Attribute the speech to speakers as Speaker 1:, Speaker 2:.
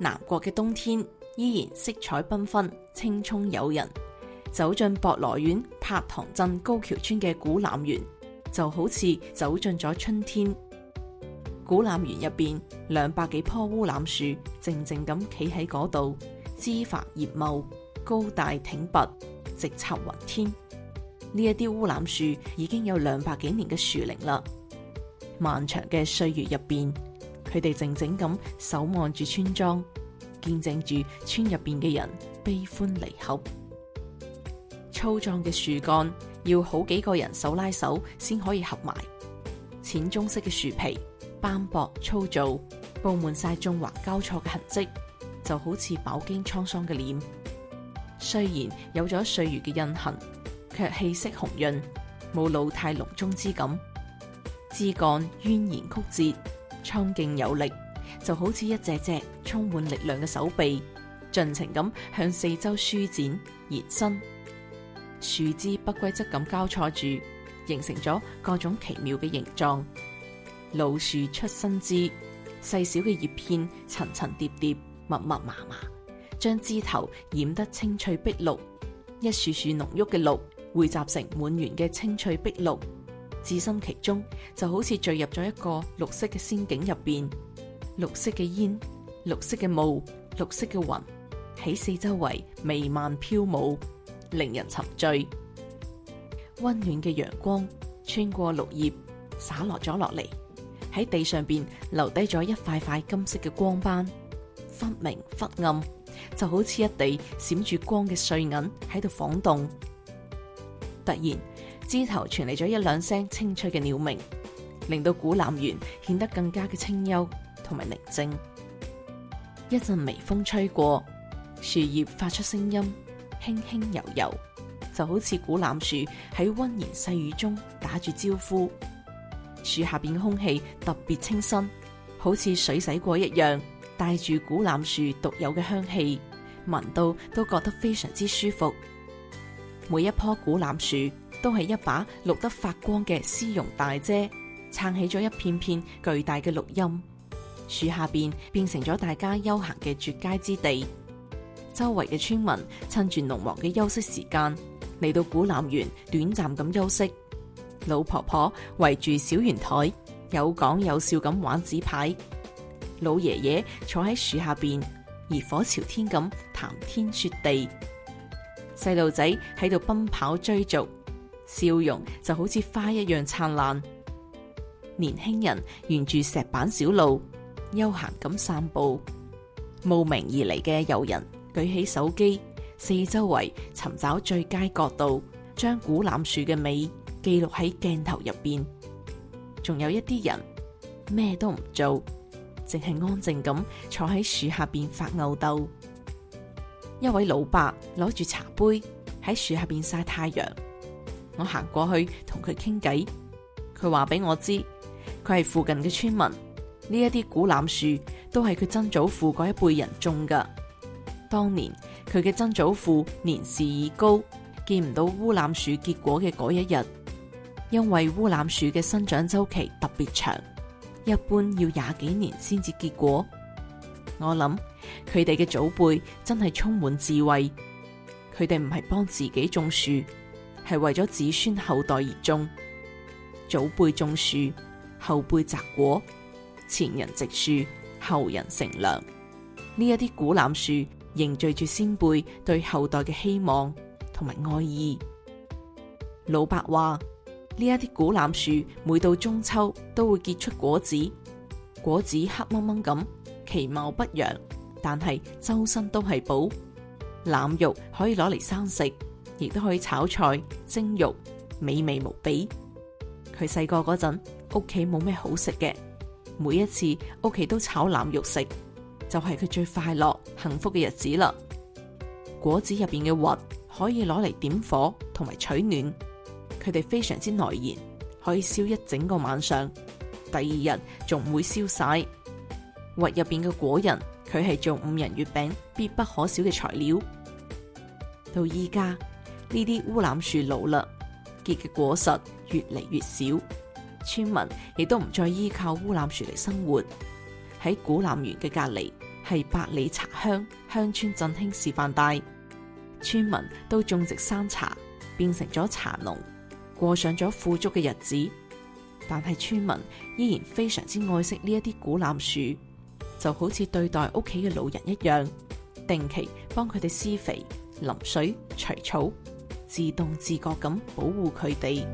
Speaker 1: 南國嘅冬天，依然色彩繽紛、青蔥誘人。走進博羅縣柏塘鎮高橋村嘅古欖園，就好似走進咗春天。古欖園入邊，兩百幾棵烏欖樹靜靜咁企喺嗰度，枝繁葉茂，高大挺拔，直插雲天。呢一啲烏欖樹已經有兩百幾年嘅樹齡啦，漫長嘅歲月入邊。佢哋靜靜咁守望住村莊，見證住村入邊嘅人悲歡離合。粗壯嘅樹幹要好幾個人手拉手先可以合埋。淺棕色嘅樹皮斑駁粗糙，布滿晒縱橫交錯嘅痕跡，就好似飽經滄桑嘅臉。雖然有咗歲月嘅印痕，卻氣色紅潤，冇老態龍鍾之感。枝幹蜿蜒曲折，遒勁有力，就好似一隻隻充滿力量嘅手臂，盡情咁向四周舒展、延伸。樹枝不規則咁交錯住，形成咗各種奇妙嘅形狀。老樹出新枝，細小嘅葉片層層疊疊、密密麻麻，將枝頭染得青翠碧綠。一樹樹濃郁嘅綠，匯集成滿園嘅青翠碧綠。置身其中，就好似墜入咗一個綠色嘅仙境入邊。綠色嘅煙、綠色嘅霧、綠色嘅雲，喺四周圍彌漫飄舞，令人沉醉。溫暖嘅陽光穿過綠葉，灑落咗落嚟，喺地上邊留低咗一塊塊金色嘅光斑，忽明忽暗，就好似一地閃住光嘅碎銀喺度晃動。突然，枝頭傳嚟咗一兩聲清脆嘅鳥鳴，令到古欖園顯得更加嘅清幽同埋寧靜。一陣微風吹過，樹葉發出聲音，輕輕柔柔，就好似古欖樹喺温言細語中打住招呼。樹下邊空氣特別清新，好似水洗過一樣，帶住古欖樹獨有嘅香氣，聞到都覺得非常之舒服。每一棵古欖樹。都係一把綠得發光嘅絲絨大遮，撐起咗一片片巨大嘅綠蔭，樹下邊變成咗大家休閒嘅絕佳之地。周圍嘅村民趁住農忙嘅休息時間嚟到古欖園短暫咁休息。老婆婆圍住小圓檯有講有笑咁玩紙牌，老爺爺坐喺樹下邊熱火朝天咁談天說地，細路仔喺度奔跑追逐。笑容就好似花一樣燦爛。年輕人沿住石板小路，悠閒咁散步。慕名而嚟嘅遊人舉起手機，四周圍尋找最佳角度，將古欖樹嘅美記錄喺鏡頭入邊。仲有一啲人咩都唔做，淨係安靜咁坐喺樹下邊發吽逗。一位老伯攞住茶杯喺樹下邊曬太陽。我行過去同佢傾偈，佢話俾我知佢係附近嘅村民。呢一啲古欖樹都係佢曾祖父嗰一輩人種噶。當年佢嘅曾祖父年事已高，見唔到烏欖樹結果嘅嗰一日，因為烏欖樹嘅生長周期特別長，一般要廿幾年先至結果。我諗佢哋嘅祖輩真係充滿智慧，佢哋唔係幫自己種樹。係為咗子孫後代而種，祖輩種樹，後輩摘果；前人植樹，後人乘涼。呢一啲古欖樹凝聚住先輩對後代嘅希望同埋愛意。老伯話：呢一啲古欖樹每到中秋都會結出果子，果子黑掹掹，咁，其貌不揚，但係周身都係寶，欖肉可以攞嚟生食。亦都可以炒菜、蒸肉，美味無比。佢細個嗰陣，屋企冇咩好食嘅，每一次屋企都炒欖肉食，就係、是、佢最快樂、幸福嘅日子啦。果子入邊嘅核可以攞嚟點火同埋取暖，佢哋非常之耐燃，可以燒一整個晚上。第二日仲唔會燒晒。核入邊嘅果仁，佢係做五仁月餅必不可少嘅材料。到依家。呢啲烏欖樹老啦，結嘅果實越嚟越少，村民亦都唔再依靠烏欖樹嚟生活。喺古欖園嘅隔籬係百里茶香鄉村振興示範帶，村民都種植山茶，變成咗茶農，過上咗富足嘅日子。但係村民依然非常之愛惜呢一啲古欖樹，就好似對待屋企嘅老人一樣，定期幫佢哋施肥、淋水、除草，自動自覺咁保護佢哋。